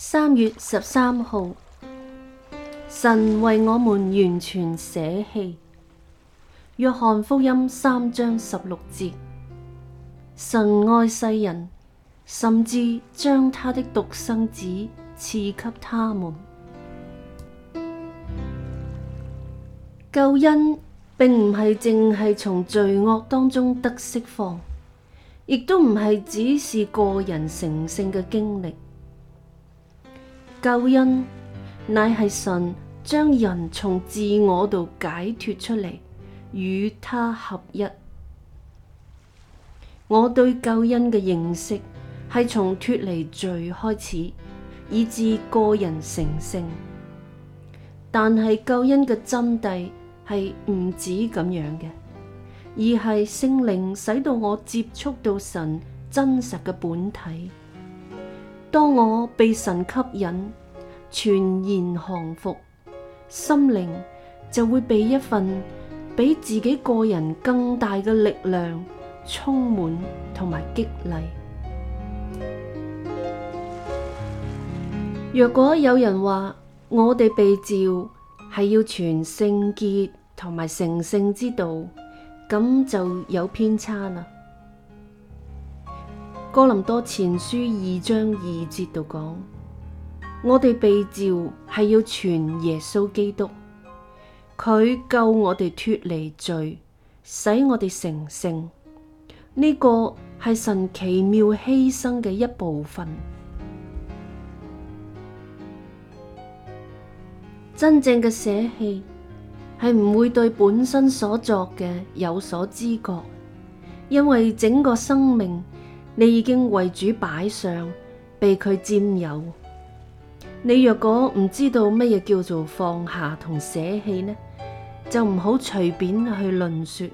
三月十三號，神為我們完全捨棄。約翰福音三章十六節：神愛世人，甚至將他的獨生子賜給他們。救恩並唔係淨係從罪惡當中得釋放，亦都唔係只是個人成聖嘅經歷。救恩乃係神將人從自我度解脫出嚟，與他合一。我對救恩嘅認識係從脫離罪開始，以至個人成聖。但係救恩嘅真諦係唔止咁樣嘅，而係聖靈使到我接觸到神真實嘅本體。當我被神吸引、全然降服，心靈就會被一份比自己個人更大嘅力量充滿同埋激勵。若果有人話我哋被召係要全聖潔同埋成聖之道，咁就有偏差啦。哥林多前書二章二節度講，我哋被召係要傳耶穌基督，佢救我哋脱離罪，使我哋成聖。呢個係神奇妙犧牲嘅一部分。真正嘅捨棄係唔會對本身所作嘅有所知覺，因為整個生命。你已經為主擺上，被佢佔有。你若果唔知道乜嘢叫做放下同捨棄呢，就唔好隨便去論說。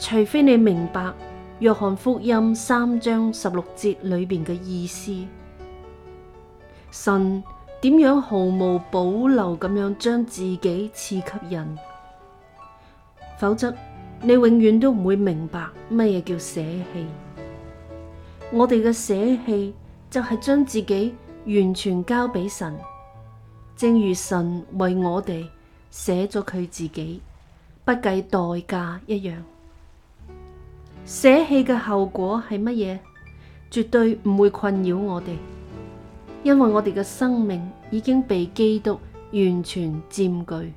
除非你明白約翰福音三章十六節裏邊嘅意思，神點樣毫無保留咁樣將自己賜給人，否則你永遠都唔會明白乜嘢叫捨棄。我哋嘅捨棄就係將自己完全交俾神，正如神為我哋捨咗佢自己，不計代價一樣。捨棄嘅後果係乜嘢絕對唔會困擾我哋，因為我哋嘅生命已經被基督完全佔據。